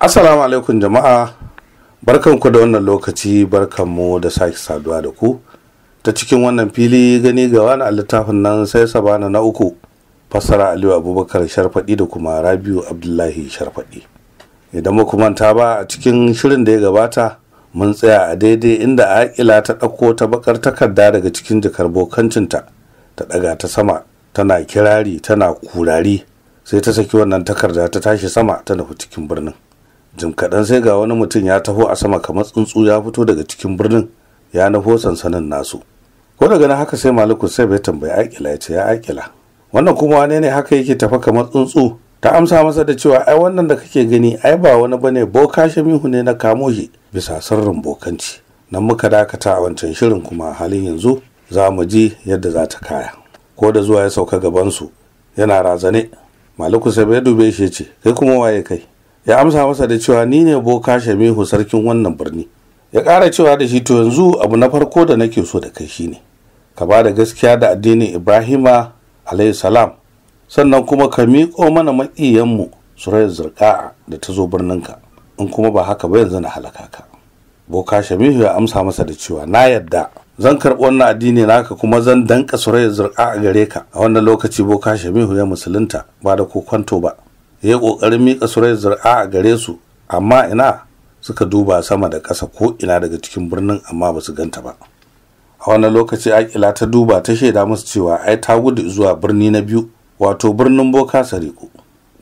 Assalamu alaikum jama'a barkanku da wannan lokaci barkanmu da sake saduwa da ku ta cikin wannan fili gani ga wani a littafin nan sai sabana na uku fassara Aliyu Abubakar Sharfadi da kuma Rabiu Abdullahi Sharfadi. Idan muku manta ba a cikin shirin da ya gabata mun tsaya a daidai inda Aƙila ta ɗauko ta bakar takarda daga cikin jakar bokancinta ta ɗaga ta sama tana kirari tana kurari sai ta saki wannan takarda ta tashi sama ta nufi cikin birnin. jim kaɗan sai ga wani mutum ya taho a sama kamar tsuntsu ya fito daga cikin birnin ya nufo sansanin nasu ko daga nan haka sai maliku sai bai tambayi aikila ya ce ya aikila wannan kuma wane ne haka yake tafa kamar tsuntsu ta amsa masa da cewa ai wannan da kake gani ai ba wani bane boka shamihu ne na kamo shi bisa sirrin bokanci nan muka dakata a wancan shirin kuma a halin yanzu za mu ji yadda za ta kaya ko da zuwa ya sauka gabansu yana razane maliku sai bai dube shi ce kai kuma waye kai ya amsa masa da cewa ni ne boka shamihu sarkin wannan birni ya ƙara cewa da shi to yanzu abu na farko da nake so da kai shine ka ba da gaskiya da addinin ibrahima alayhi salam sannan kuma ka miƙo mana maƙiyanmu surayar zirƙa'a da ta zo birninka in kuma ba haka ba yanzu na halaka ka boka shamihu ya amsa masa da cewa na yadda zan karɓi wannan addini naka kuma zan danka surayar zirƙa'a gare ka a wannan lokaci boka shamihu ya musulunta ba da kokonto ba ya yi ƙoƙarin miƙa surai zira'a a gare su amma ina suka duba sama da ƙasa ko ina daga cikin birnin amma ba su ganta ba a wannan lokaci akila ta duba ta shaida musu cewa ai ta gudu zuwa birni na biyu wato birnin boka sariku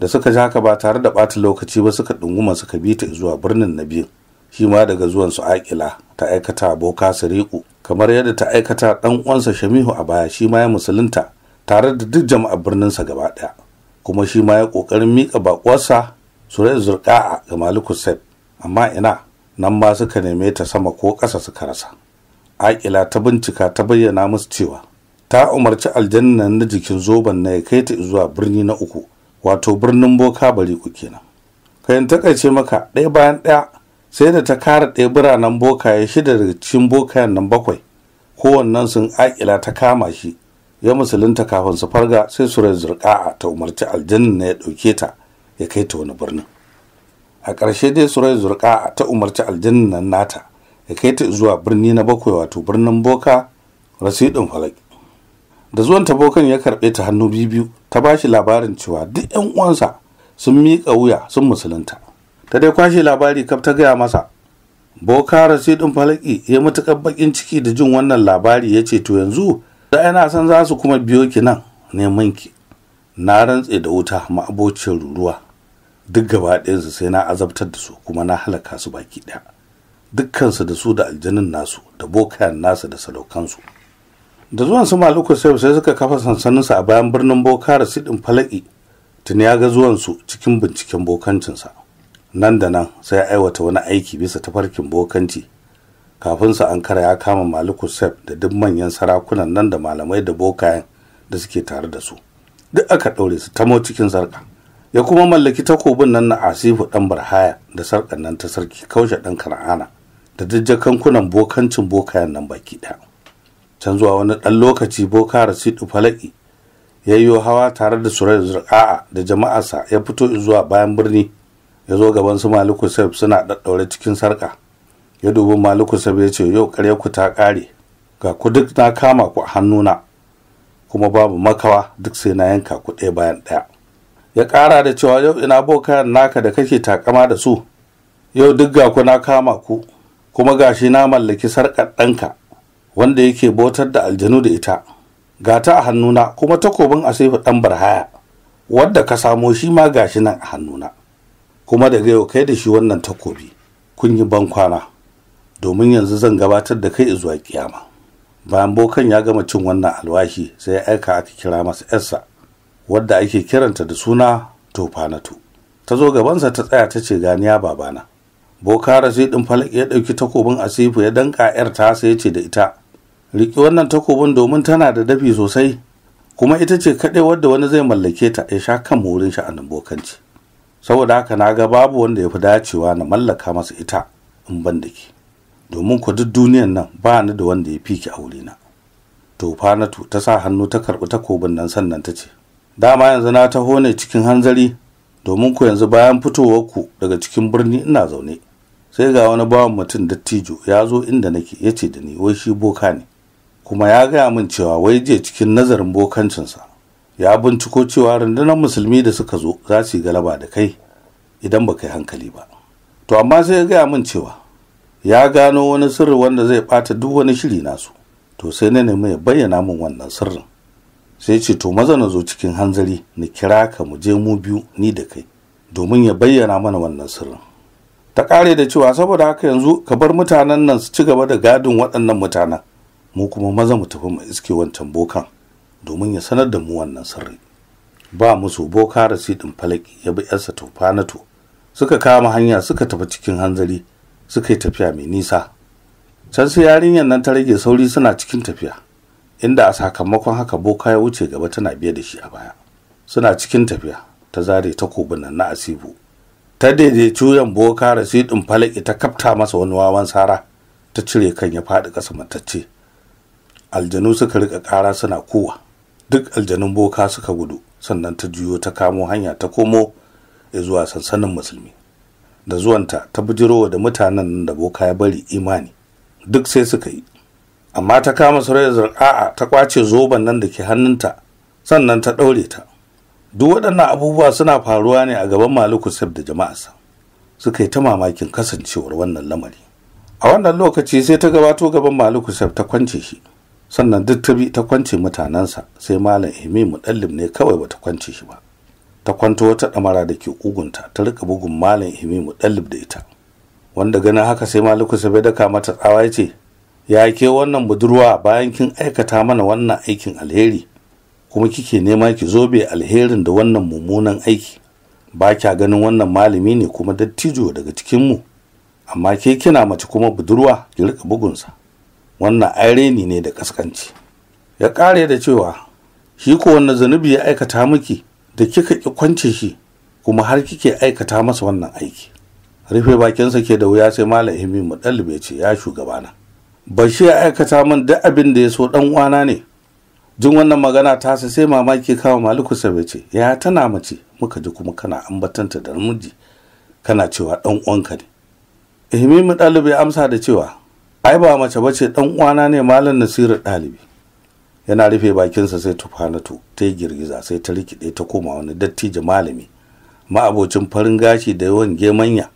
da suka ji haka ba tare da ɓata lokaci ba suka ɗunguma suka bi ta zuwa birnin na biyu shi ma daga zuwan su akila ta aikata boka sariku kamar yadda ta aikata ɗan uwansa shamihu a baya shi ma ya musulunta tare da duk jama'ar birninsa gaba ɗaya kuma shi ma ya ƙoƙarin miƙa baƙuwarsa zurka a ga Maliku Saif amma ina nan ma suka neme ta sama ko ƙasa suka rasa. Aƙila ta bincika ta bayyana musu cewa ta umarci aljanna na jikin zoben na ya kai ta zuwa birni na uku wato birnin boka bari ku kenan. Kayan takaice maka ɗaya bayan ɗaya sai da ta kara ɗaya biranen bokaye shida daga cikin bokayen nan bakwai kowannen sun aƙila ta kama shi ya musulunta kafin su farga sai surar zurka'a ta umarci aljanna ya ɗauke ta ya kai ta wani birnin a ƙarshe dai su surar zurka'a ta umarci aljanna nata ya kai ta zuwa birni na bakwai wato birnin boka rasidin falak da zuwan ta bokan ya karɓe ta hannu biyu ta ba shi labarin cewa duk 'yan uwansa sun miƙa wuya sun musulunta ta dai kwashe labari kaf ta gaya masa boka rasidin falaki ya matuƙar baƙin ciki da jin wannan labari ya ce to yanzu da yana san za su kuma biyo ki nan neman ki na rantse da wuta ma'abocin ruruwa duk gaba ɗayansu sai na azabtar da su kuma na halaka su baki ɗaya dukkansu da su da aljanin nasu da bokayen nasu da su. da zuwan su maluku sai sai suka kafa sansaninsa a bayan birnin boka da sidin falaki tuni ya ga zuwan su cikin binciken bokancinsa nan da nan sai ya aiwata wani aiki bisa tafarkin bokanci kafin su ankara ya kama Malikusef sef da duk manyan sarakunan nan da malamai da bokayen da suke tare da su duk aka ɗaure su ta tamo cikin sarka ya kuma mallaki takobin nan na asifu dan barhaya da sarkan nan ta sarki kaushe ɗan kan'ana da jajjakan kunan bokancin bokayen nan baki ɗaya can zuwa wani ɗan lokaci boka rasidu falaki ya yi hawa tare da surai zurƙa'a da jama'arsa ya fito zuwa bayan birni ya zo gaban su maliku suna ɗaɗɗaure cikin sarka ya dubi maliku sabi ya ce yau ƙarya ku ta ƙare ga ku duk na kama ku a hannuna kuma babu makawa duk sai na yanka ku ɗaya bayan ɗaya ya ƙara da cewa yau ina bokan naka da kake takama da su yau duk ga ku na kama ku kuma gashi na mallaki sarƙar ɗanka wanda yake bautar da aljanu da ita Gata ta a hannuna kuma takobin a asifu ɗan barhaya wadda ka samo shi ma gashi nan a hannuna kuma daga yau kai da shi wannan takobi kun yi ban kwana domin yanzu zan gabatar da kai zuwa kiyama bayan bokan ya gama cin wannan alwashi sai ya aika aka kira masa yarsa wadda ake kiranta da suna tofanatu ta zo gabansa ta tsaya ta ce ganiya babana Bokara sai ɗin falak ya ɗauki takobin asifu ya danka yar ta sai ya ce da ita Rike wannan takobin domin tana da dafi sosai kuma ita ce kaɗai wadda wani zai mallake ta ya sha kan wurin sha'anin bokanci saboda haka na ga babu wanda ya fi dacewa na mallaka masa ita in ban da ke domin ku duk duniyan nan ba ni da wanda ya fiki aure na to fanatu ta sa hannu ta karɓi takobin nan sannan ta ce dama yanzu na taho ne cikin hanzari domin ku yanzu bayan fitowar ku daga cikin birni ina zaune sai ga wani bawan mutum dattijo ya zo inda nake yace da ni wai shi boka ne kuma ya gaya min cewa wai je cikin nazarin bokancinsa ya binciko cewa rundunar musulmi da suka zo za su yi galaba da kai idan ba yi hankali ba to amma sai ya gaya min cewa ya gano wani sirri wanda zai ɓata duk wani shiri nasu to sai na nemi ya bayyana min wannan sirrin sai ce to maza na zo cikin hanzari na kira ka mu je mu biyu ni da kai domin ya bayyana mana wannan sirrin ta ƙare da cewa saboda haka yanzu ka bar mutanen nan su ci gaba da gadin waɗannan mutanen mu kuma maza mu tafi mu iske wancan bokan domin ya sanar da mu wannan sirri ba musu boka rasidin falaki ya bi yarsa tufanato suka kama hanya suka tafi cikin hanzari suka yi tafiya mai nisa can sai yarinyar nan ta rage sauri suna cikin tafiya inda a sakamakon haka boka ya wuce gaba tana biye da shi a baya suna cikin tafiya ta zare ta kobunan na asibu ta daidaitu yan boka rasidin falaki ta kafta masa wani wawan sara ta cire kan ya faɗi ƙasa matacce aljanu suka rika ƙara suna kowa duk aljanun boka suka gudu sannan ta juyo ta kamo hanya ta komo zuwa sansanin musulmi da zuwanta ta wa da mutanen da boka ya bari imani duk sai suka yi amma ta kama sarai a'a ta kwace zoben nan da ke hannunta sannan ta ɗaure ta duk waɗannan abubuwa suna faruwa ne a gaban maliku sab da jama'arsa suka yi ta mamakin kasancewar wannan lamari a wannan lokaci sai ta gabato gaban maliku sab ta kwance shi sannan duk ta bi ta kwance mutanensa sai malam mu ɗallim ne kawai bata kwance shi ba ta kwanto wata ɗamara da ke ugunta ta rika bugun malam himimu ɗalib da ita wanda ganin haka sai maliku sabai daka mata tsawa ya ce ya ke wannan budurwa bayan kin aikata mana wannan aikin alheri kuma kike nema ki zobe alherin da wannan mummunan aiki ba kya ganin wannan malami ne kuma dattijo daga cikin mu amma ke kina mace kuma budurwa ki rika bugunsa wannan aireni ne da kaskanci ya kare da cewa shi ko wannan zanubi ya aikata miki da kika ki kwance shi kuma har kike aikata masa wannan aiki rufe bakinsa ke da wuya sai malam himi mu ɗalibe ce ya shugabana bashi ya aikata min duk abin da ya so dan uwana ne jin wannan magana ta sai mamaki kawo maliku sabai ce ya tana mace muka ji kuma kana ambatanta da namiji kana cewa dan uwanka ne mu ɗalibi amsa da cewa ai ba mace bace dan uwana ne malam nasiru dalibi. yana rufe bakinsa sai tufa na tufanatu ta yi girgiza sai ta rikide ta koma wani dattijo malami ma'abocin farin gashi da yawan gemanya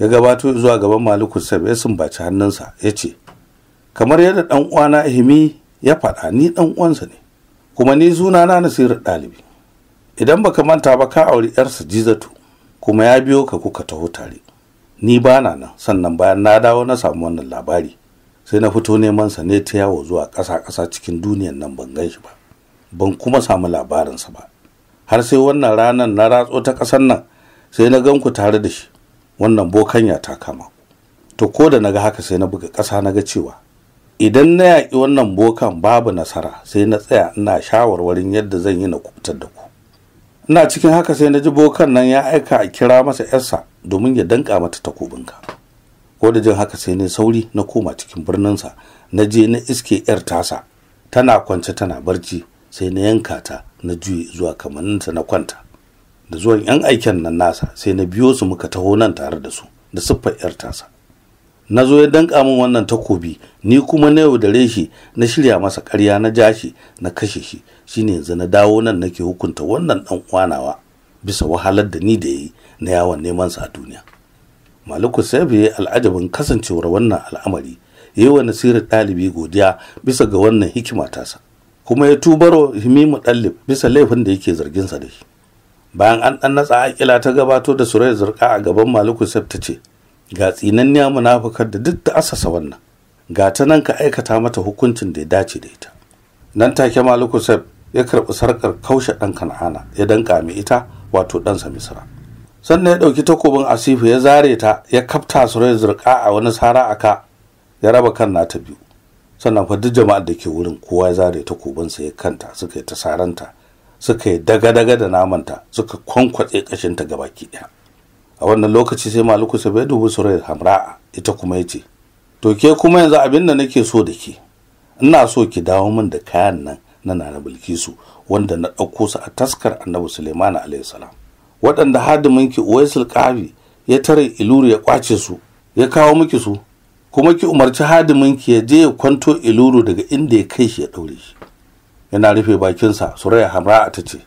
ya gabato zuwa gaban maliku sab ya sumbaci hannunsa ya ce kamar yadda dan uwana himi ya faɗa ni dan uwansa ne kuma ni suna na nasirar ɗalibi idan baka manta ba ka auri yarsa jizatu kuma ya biyo ka kuka taho tare ni ba na nan sannan bayan na dawo na samu wannan labari sai na fito neman sa ne ta yawo zuwa ƙasa-ƙasa cikin duniyan nan ban gan shi ba ban kuma samu labarinsa ba har sai wannan ranar na ratso ta ƙasar nan sai na gan ku tare da shi wannan bokanya ta kama to ko da ga haka sai na buga ƙasa na ga cewa idan na yaki wannan bokan babu nasara sai na tsaya ina shawarwarin yadda zan yi na kubutar da ku ina cikin haka sai na ji bokan nan ya aika a kira masa yarsa domin ya danka mata takobinka ko da jin haka sai ne sauri na koma cikin birnin sa na je na iske yar tasa tana kwance tana barci sai na yanka ta na juye zuwa kamanninta na kwanta da zuwan yan aiken nan nasa sai na biyo su muka taho nan tare da su da siffar yar tasa na zo ya danka min wannan takobi ni kuma na yau da shi na shirya masa ƙarya na jashi na kashe shi shine yanzu na dawo nan nake hukunta wannan dan kwanawa bisa wahalar da ni da yi na yawon neman sa a duniya maliku sabi ya al'ajabin kasancewar wannan al'amari yi wa nasirar ɗalibi godiya bisa ga wannan hikima tasa kuma ya tubaro himimu ɗalib bisa laifin da yake zarginsa da shi bayan an ɗan natsa aƙila ta gabato da surai zurƙa a gaban maliku ta ce ga tsinanniya munafukar da duk da asasa wannan ga ta nan ka aikata mata hukuncin da ya dace da ita nan take maliku sab ya karɓi sarƙar kaushe ɗan kan'ana ya danƙa mai ita wato ɗansa misra sannan ya ɗauki takobin asifu ya zare ta ya kafta su rai zurka a wani sara aka ya raba kan nata biyu sannan fa duk jama'ar da ke wurin kowa ya zare takobinsa ya kanta suka yi ta saranta suka yi daga-daga da namanta suka kwankwatse ta gabaki ɗaya a wannan lokaci sai maluku sai bai dubi surayar hamra'a ita kuma ya ce to ke kuma yanzu abin da nake so da ke ina so ki dawo min da kayan nan na nana bilkisu wanda na ɗauko su a taskar annabi suleiman alayhi waɗanda hadiminki Uwaisul Qabi ya tare Iluru ya kwace su ya kawo miki su kuma ki umarci hadiminki ya je ya kwanto Iluru daga inda ya kai shi ya daure shi yana rufe bakinsa Suraya hamra ta ce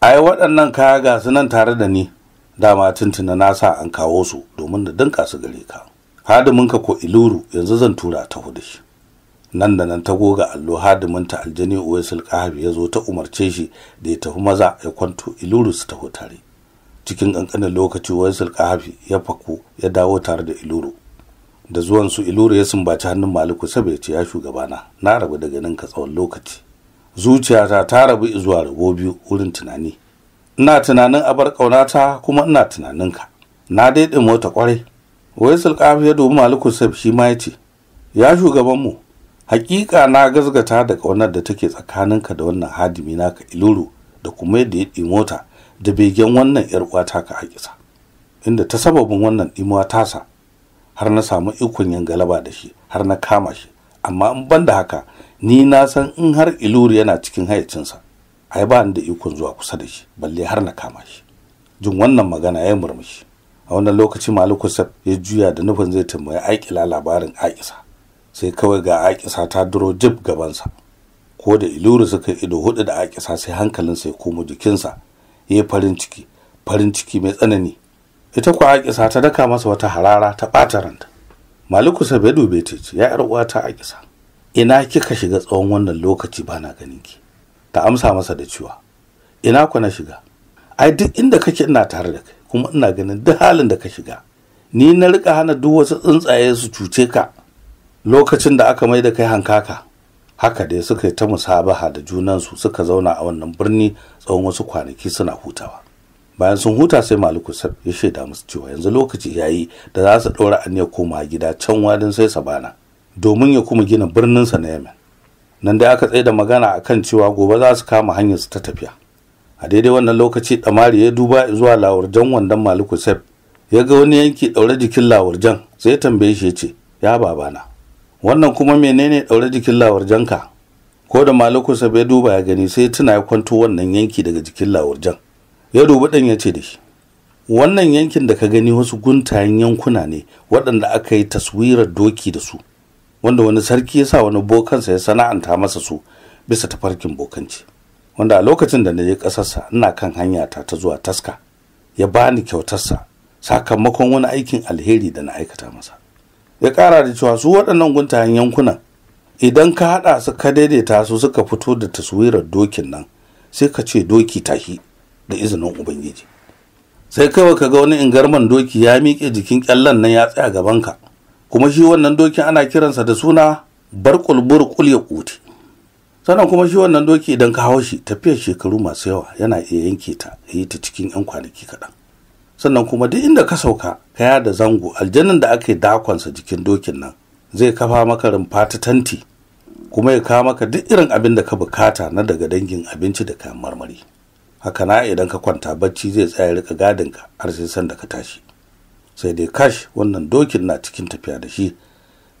ai waɗannan kaya ga su nan tare da ni dama tuntuna na sa an kawo su domin da dinka su gare ka hadiminka ko Iluru yanzu zan tura ta hudu shi nan da nan ta goga allo hadiminta aljani Uwaisul Qabi ya zo ta umarce shi da ya tafi maza ya kwanto Iluru su tafi tare cikin ƙanƙanin lokaci waisal kahafi ya fako ya dawo tare da iluru da zuwan su iluru ya sumbaci hannun maliku saboda ya ce ya shugabana na rabu daga ganin ka tsawon lokaci zuciyata ta rabu zuwa rabo biyu wurin tunani ina tunanin abar ƙaunata kuma ina tunanin ka na daidai mota kwarai waisal kahafi ya dubi maliku sab shi ma ya ce ya shugaban mu hakika na gazgata da ƙaunar da take tsakaninka da wannan hadimi naka iluru da kuma yadda ya ɗi mota da begen wannan yar uwata ka haƙisa inda ta sababin wannan dimuwa tasa har na samu ikon yin galaba da shi har na kama shi amma in ban da haka ni na san in har iluri yana cikin hayacinsa ai ba da ikon zuwa kusa da shi balle har na kama shi jin wannan magana ya murmushi a wannan lokaci maliku sab ya juya da nufin zai tambaya aikila labarin aikisa sai kawai ga aikisa ta duro jib gabansa ko da iluri suka ido hudu da aikisa sai hankalinsa ya komo jikinsa ya yi farin ciki farin ciki mai tsanani ita kuwa aƙisa ta daka masa wata harara ta ɓata ranta maliku sabedu bai ce ya yar uwata aƙisa ina kika shiga tsawon wannan lokaci bana ganin ki ta amsa masa da cewa ina ku na shiga ai duk inda kake ina tare da kai kuma ina ganin duk halin da ka shiga ni na rika hana duk wasu tsuntsaye su cuce ka lokacin da aka mai da kai hankaka haka dai suka yi ta musabaha da junansu suka zauna a wannan birni tsawon wasu kwanaki suna hutawa bayan sun huta sai maliku sab ya shaida musu cewa yanzu lokaci yayi da za su ɗora aniyar koma gida can wadin sai sabana domin ya kuma gina birninsa na yamen nan dai aka tsaye da magana akan cewa gobe za su kama hanyar su ta tafiya a daidai wannan lokaci damari ya duba zuwa lawurjan wandon maliku sab ya ga wani yanki ɗaure jikin lawurjan sai ya tambaye shi ya ce ya babana wannan kuma menene ɗaure jikin lawar janka ko da malukusa bai duba ya gani sai tuna ya kwanto wannan yanki daga jikin lawar jan ya dubi ɗan ya ce da shi wannan yankin da ka gani wasu guntayen yankuna ne waɗanda aka yi taswirar doki da su wanda wani sarki ya sa wani bokansa ya sana'anta masa su bisa tafarkin bokanci wanda a lokacin da na je ƙasarsa ina kan hanya ta ta zuwa taska ya bani kyautarsa sakamakon wani aikin alheri da na aikata masa ya kara da cewa su waɗannan guntayen yankunan idan ka haɗa su ka daidaita su suka fito da taswirar dokin nan sai ka ce doki tahi da izinin ubangiji sai kawai ka ga wani ingarman doki ya miƙe jikin ƙyallen nan ya tsaya gabanka kuma shi wannan dokin ana kiransa da suna barkul burkul ya kuti sannan kuma shi wannan doki idan ka hau shi tafiyar shekaru masu yawa yana iya yanke ta yi ta cikin 'yan kwanaki kaɗan sannan kuma duk inda ka sauka kaya da zango aljannan da aka yi dakonsa jikin dokin nan zai kafa maka rumfa ta tanti kuma ya kawo maka duk irin abin da ka bukata na daga dangin abinci da kayan marmari haka na idan ka kwanta bacci zai tsaya rika gadin ka har sai san da ka tashi sai dai kash wannan dokin na cikin tafiya da shi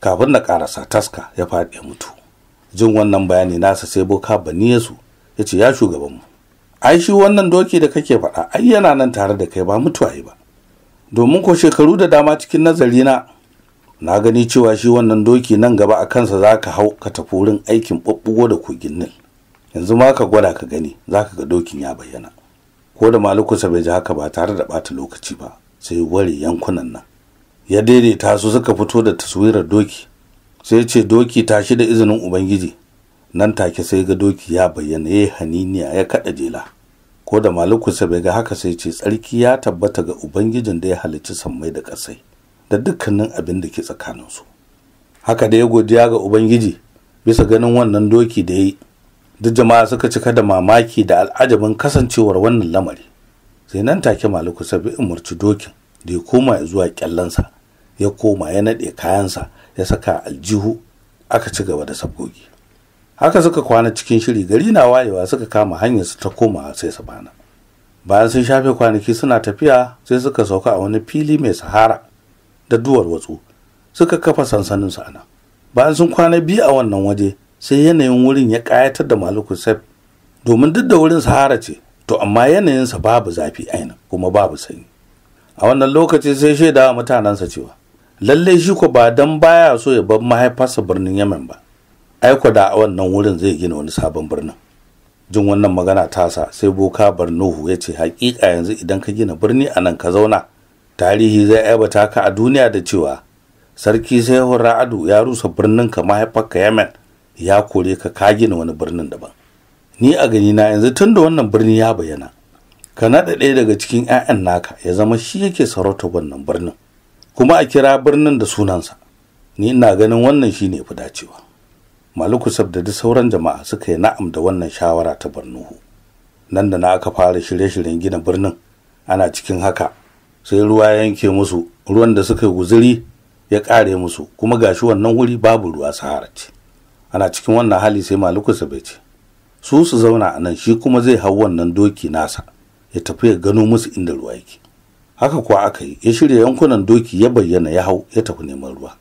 kafin na karasa taska ya faɗi mutu jin wannan bayani nasa sai boka baniyasu ya ce ya shugaban mu. ai shi wannan doki da kake faɗa ai yana nan tare da kai ba mutuwa ba domin ko shekaru da dama cikin nazari na na gani cewa shi wannan doki nan gaba a kansa za ka hau ka tafi wurin aikin ɓaɓɓugo da kogin nil yanzu ma ka gwada ka gani za ka ga dokin ya bayyana ko da malukusa bai ji haka ba tare da ɓata lokaci ba sai ware yankunan nan ya daidaita su suka fito da taswirar doki sai ce doki ta shi da izinin ubangiji nan take sai ga doki ya bayyana ya eh, haniniya ya kada jela ko da malukusa bai ga haka sai ce tsarki ya tabbata ga ubangijin da ya halicci sammai da ƙasai da dukkanin abin da ke su haka da ya godiya ga ubangiji bisa ganin wannan doki da ya yi duk jama'a suka cika da mamaki da al'ajabin kasancewar wannan lamari sai nan take malukusa bai umarci dokin da ya koma zuwa kyallansa ya koma ya naɗe kayansa ya saka aljihu aka ci gaba da sabgogi haka suka kwana cikin shiri gari na wayewa suka kama hanyar su ta koma sai sabana bayan sun shafe kwanaki suna tafiya sai suka sauka a wani fili mai sahara da duwar watsu suka kafa sansanin su ana bayan sun kwana biyu a wannan waje sai yanayin wurin ya kayatar da maliku sef domin duk da wurin sahara ce to amma yanayin sa babu zafi aina kuma babu sanyi a wannan lokaci sai shaida wa mutanensa cewa lallai shi ko ba dan baya so ya bar mahaifarsa birnin yamen ba aiko da wannan wurin zai gina wani sabon birnin jin wannan magana tasa sai boka barnuhu ya ce hakika yanzu idan ka gina birni a nan ka zauna tarihi zai aibata ka a duniya da cewa sarki sai ra'adu ya rusa birnin ka mahaifarka yemen ya kore ka ka gina wani birnin daban ni a gani na yanzu tun da wannan birni ya bayyana ka naɗa ɗaya daga cikin 'ya'yan naka ya zama shi yake sarauta wannan birnin kuma a kira birnin da sunansa ni ina ganin wannan shine fi dacewa maluku Sab da duk sauran jama'a suka yi na'am da wannan shawara ta Barnuhu. Nan da na aka fara shirye-shiryen gina birnin ana cikin haka sai ruwa ya yanke musu ruwan da suka guzuri ya kare musu kuma gashi wannan wuri babu ruwa sahara ce. Ana cikin wannan hali sai maluku Sab ya ce su su zauna a nan shi kuma zai hau wannan doki nasa ya tafi ya gano musu inda ruwa yake. Haka kuwa aka yi ya shirya yankunan doki ya bayyana ya hau ya tafi neman ruwa.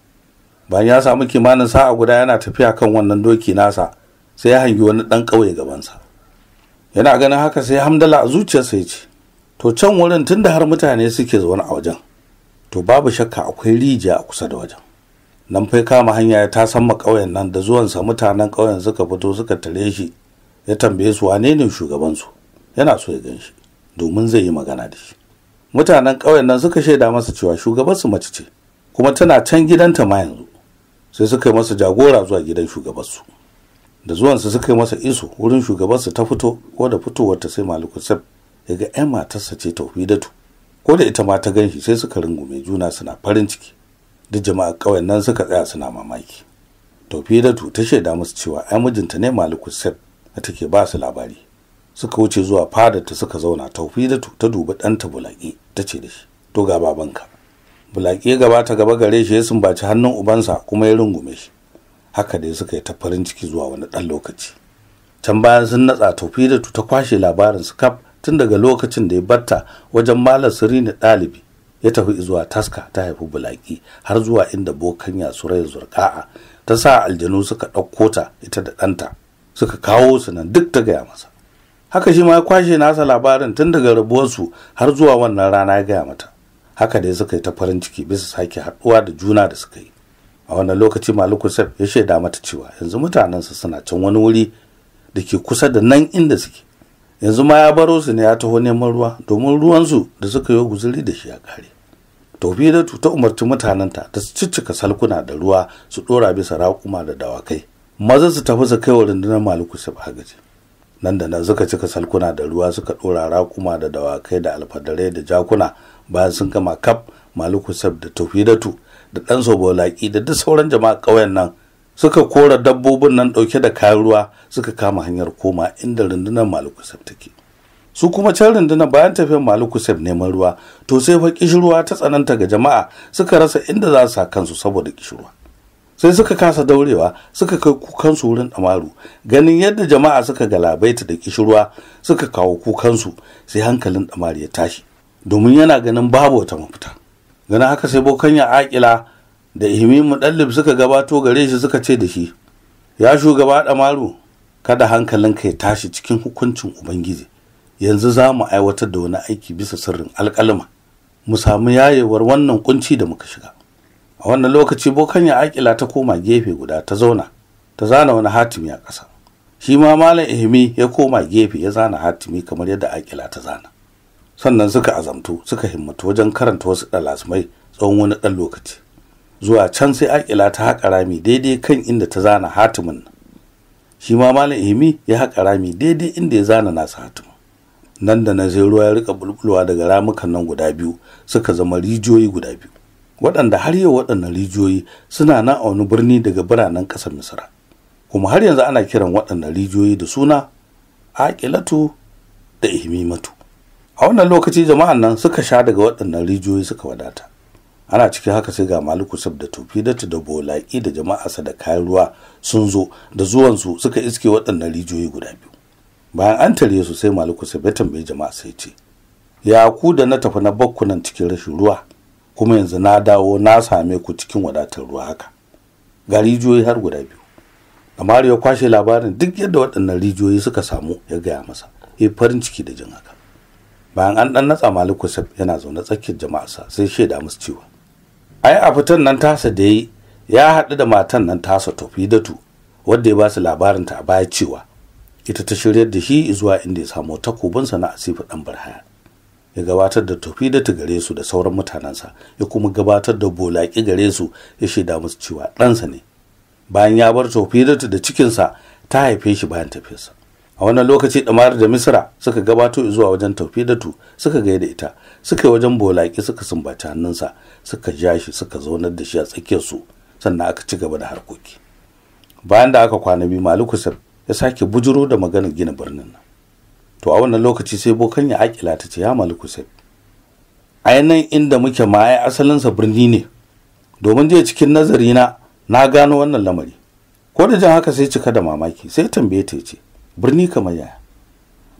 bayan ya samu kimanin sa'a guda yana tafiya kan wannan doki nasa sai ya hangi wani ɗan ƙauye gabansa yana ganin haka sai hamdala a zuciyarsa ya ce to can wurin tunda har mutane suke zaune a wajen to babu shakka akwai rijiya a kusa da wajen nan fai kama hanya ya tasan ƙauyen nan da zuwansa mutanen ƙauyen suka fito suka tare shi ya tambaye su wane ne shugabansu yana so ya ganshi, domin zai yi magana da shi mutanen ƙauyen nan suka shaida masa cewa shugaban su mace ce kuma tana can gidanta ma yanzu sai suka yi masa jagora zuwa gidan shugabansu da zuwansu suka yi masa iso wurin shugabansu ta fito ko da fitowarta sai maliku sab ya ga 'yan matarsa ce taufidatu ko da ita ma ta ganshi sai suka rungume juna suna farin ciki duk jama'a ƙauyen nan suka tsaya suna mamaki taufidatu ta shaida musu cewa 'yan mijinta ne maliku sab da take ba su labari suka wuce zuwa fadarta suka zauna taufidatu ta dubi ɗanta bulaƙi ta ce da shi to ga babanka bulaki ya gabata gaba gare shi ya sumbaci hannun ubansa kuma ya rungume shi haka dai suka yi ta farin ciki zuwa wani ɗan lokaci can bayan sun natsa tofi da ta kwashe labarin su kaf tun daga lokacin da ya batta wajen malam sirrini ɗalibi ya tafi zuwa taska ta haifi bulaƙi har zuwa inda bokan yasurai zurƙa'a ta sa aljanu suka ɗauko ta ita da ɗanta suka kawo su nan duk ta gaya masa haka shi ma ya kwashe nasa labarin tun daga rabuwarsu har zuwa wannan rana ya gaya mata haka dai suka yi ta farin ciki bisa sake haɗuwa da juna da suka yi a wannan lokaci malik hussein ya shaida mata cewa yanzu mutanensa suna can wani wuri da ke kusa da nan inda suke yanzu ma ya baro su ne ya taho neman ruwa domin ruwansu da suka yi guzuri da shi ya kare tofidatu ta umarci mutanenta da su ciccika salkuna da ruwa su ɗora bisa raƙuma da dawakai maza su tafi su kai wa rundunar ba su agaji nan da nan suka cika salkuna da ruwa suka ɗora raƙuma da dawakai da alfadarai da jakuna bayan sun gama kaf maliku sab da tofidatu da ɗan sobolaki da duk sauran jama'a ƙauyen nan suka kora dabbobin nan dauke da kayan ruwa suka kama hanyar koma inda rundunar maliku sab take su kuma can rundunar bayan tafiyar maliku sab neman ruwa to sai fa kishirwa ta tsananta ga jama'a suka rasa inda za su sa kansu saboda kishirwa sai suka kasa daurewa suka kai kukansu wurin damaru ganin yadda jama'a suka galabaita da kishirwa suka kawo kukansu sai hankalin damari ya tashi domin yana ganin babu wata mafita ganin haka sai bokan ya akila da ihimimu ɗallib suka gabato gare shi suka ce da shi ya shugaba maru kada hankalinka ya tashi cikin hukuncin ubangiji yanzu za mu aiwatar da wani aiki bisa sirrin alƙalma mu samu yayewar wannan kunci da muka shiga a wannan lokaci bokan ya akila ta koma gefe guda ta zauna ta zana wani hatimi a ƙasa shi ma malam ihimi ya koma gefe ya zana hatimi kamar yadda akila ta zana sannan suka azamtu suka himmatu wajen karanta wasu dalasmai tsawon wani ɗan lokaci zuwa can sai akila ta haƙa rami daidai kan inda ta zana hatimin shi ma malam ihimi ya haƙa rami daidai inda ya zana nasa hatimin nan da nan sai ruwa ya rika bulbulwa daga ramukan nan guda biyu suka zama rijiyoyi guda biyu waɗanda har yau waɗannan rijiyoyi suna na a wani birni daga biranen ƙasar misira kuma har yanzu ana kiran waɗannan rijiyoyi da suna Akilatu, da ihimimatu a wannan lokaci jama'an nan suka sha daga waɗannan rijiyoyi suka wadata ana cikin haka sai ga maliku sab da Tufidatu da da bolaki da jama'a sa da kayan ruwa sun zo da zuwan su suka iske waɗannan rijiyoyi guda biyu bayan an tare su sai maliku sab ya tambayi jama'a sai ce ya ku da na tafi na bakkunan cikin rashin ruwa kuma yanzu na dawo na same ku cikin wadatar ruwa haka ga rijiyoyi har guda biyu amma ya kwashe labarin duk yadda waɗannan rijiyoyi suka samu ya gaya masa ya farin ciki da jin haka bayan an dan natsa Malik Kusuf yana zaune tsakiyar jama'arsa sai shaida musu cewa ai a fitan nan tasa da yi ya haɗu da matan nan tasa Tofidatu wanda ya ba su labarin ta a baya cewa ita ta shiryar da shi zuwa inda ya samu sa na asifi dan Barhaya ya gabatar da Tofidatu gare su da sauran mutanensa ya kuma gabatar da Bolaki gare su ya shaida musu cewa ɗansa ne bayan ya bar Tofidatu da cikinsa ta haife shi bayan tafiyarsa a wannan lokaci ɗamar da misra suka gabato zuwa wajen taufidatu suka da ita suka yi wajen bolaki suka sumbaci hannunsa suka ja shi suka zaunar da shi a tsakiyarsu sannan aka ci gaba da harkoki bayan da aka kwana biyu malikusir ya sake bujuro da maganar gina birnin nan to a wannan lokaci sai bokan ya akila ta ce ya malikusir a nan inda muke ma ai asalinsa birni ne domin je cikin nazari na na gano wannan lamari ko da jan haka sai cika da mamaki sai tambaye ta ce birni kamar yaya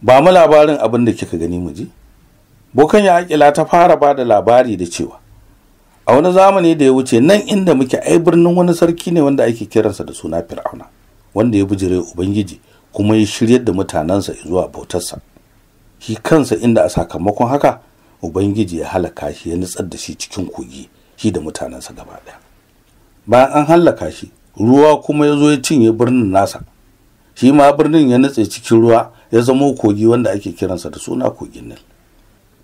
ba mu labarin abin da kika gani mu ji bokan ya akila ta fara bada labari da cewa a wani zamani da ya wuce nan inda muke ai birnin wani sarki ne wanda ake kiransa da suna fir'auna wanda ya bijire ubangiji kuma ya shiryar da mutanensa zuwa bautarsa shi kansa inda a sakamakon haka ubangiji ya halaka shi ya nutsar da shi cikin kogi shi da mutanensa gaba ɗaya bayan an halaka shi ruwa kuma ya zo ya cinye birnin nasa shi ma birnin ya nutse cikin ruwa ya zamo kogi wanda ake kiransa da suna kogin nil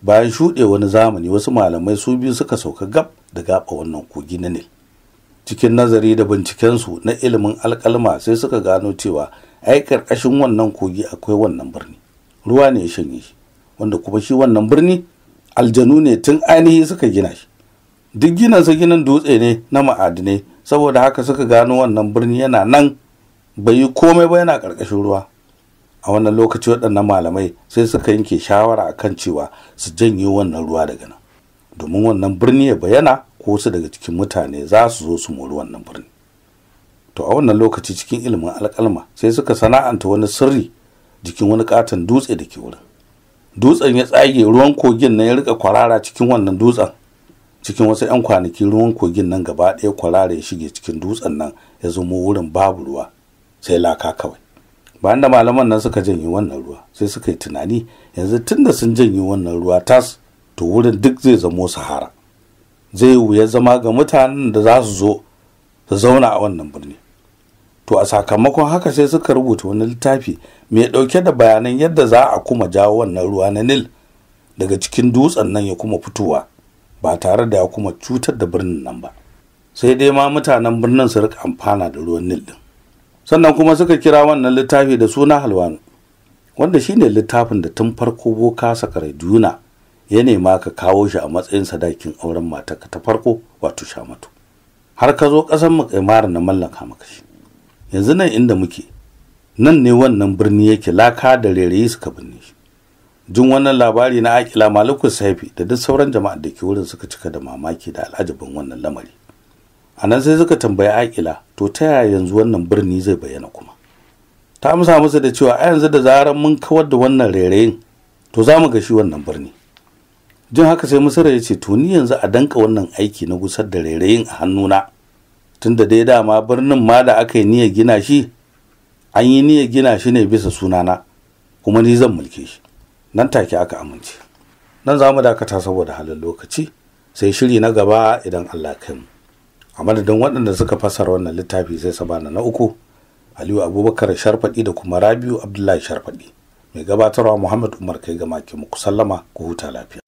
bayan shuɗe wani zamani wasu malamai su biyu suka sauka gab da gaba wannan kogi na nil cikin nazari da bincikensu na ilimin alkalma sai suka gano cewa ai karkashin wannan kogi akwai wannan birni ruwa ne ya shanye shi wanda kuma shi wannan birni aljanu ne tun ainihi suka gina shi duk ginansa ginin dutse ne na ma'adinai saboda haka suka gano wannan birni yana nan bai yi komai ba yana ƙarƙashin ruwa a wannan lokaci waɗannan malamai sai suka yanke shawara a kan cewa su janye wannan ruwa daga nan domin wannan birni ya bayyana ko su daga cikin mutane za su zo su mori wannan birni to a wannan lokaci cikin ilimin alƙalma sai suka sana'anta wani sirri jikin wani katon dutse da ke wurin dutsen ya tsage ruwan kogin nan ya rika kwarara cikin wannan dutsen cikin wasu 'yan kwanaki ruwan kogin nan gaba ɗaya kwarara ya shige cikin dutsen nan ya zama wurin babu ruwa sai laka kawai bayan da malaman nan suka janye wannan ruwa sai suka yi tunani yanzu tunda sun janye wannan ruwa tas to wurin duk zai zamo sahara zai wuya zama ga mutanen da za su zo su zauna a wannan birni to a sakamakon haka sai suka rubuta wani littafi mai ɗauke da bayanan yadda za a kuma jawo wannan ruwa na nil daga cikin dutsen nan ya kuma fitowa ba tare da ya kuma cutar da birnin nan ba sai dai ma mutanen birnin su rika amfana da ruwan nil din sannan kuma suka kira wannan littafi da suna halwanu wanda shi ne littafin da tun farko boka sakar juna ya nema ka kawo shi a matsayin sadakin auren matarka ta farko wato shamatu har ka zo ƙasar kaimar na mallaka maka shi yanzu nan inda muke nan ne wannan birni yake laka da rereyi suka binne shi jin wannan labari na akila malikus saifi da duk sauran jama'a da ke wurin suka cika da mamaki da al'ajabin wannan lamari a nan sai suka tambayi Akila, to ta yaya yanzu wannan birni zai bayyana kuma ta amsa musu da cewa a yanzu da zarar mun kawar da wannan rairayin to za mu ga shi wannan birni jin haka sai musara ya ce to ni yanzu a danka wannan aiki na gusar da rairayin a hannuna tunda dai dama birnin ma da aka yi niyyar gina shi an yi niyyar gina shi ne bisa sunana kuma ni zan mulke shi nan take aka amince nan za mu dakata saboda halin lokaci sai shiri na gaba idan Allah kai mu a madadin waɗanda suka fasara wannan littafi sai sabana na uku aliyu abubakar sharfaɗi da kuma rabiu abdullahi sharfaɗi mai gabatarwa muhammad umar kai ga maki muku sallama ku huta lafiya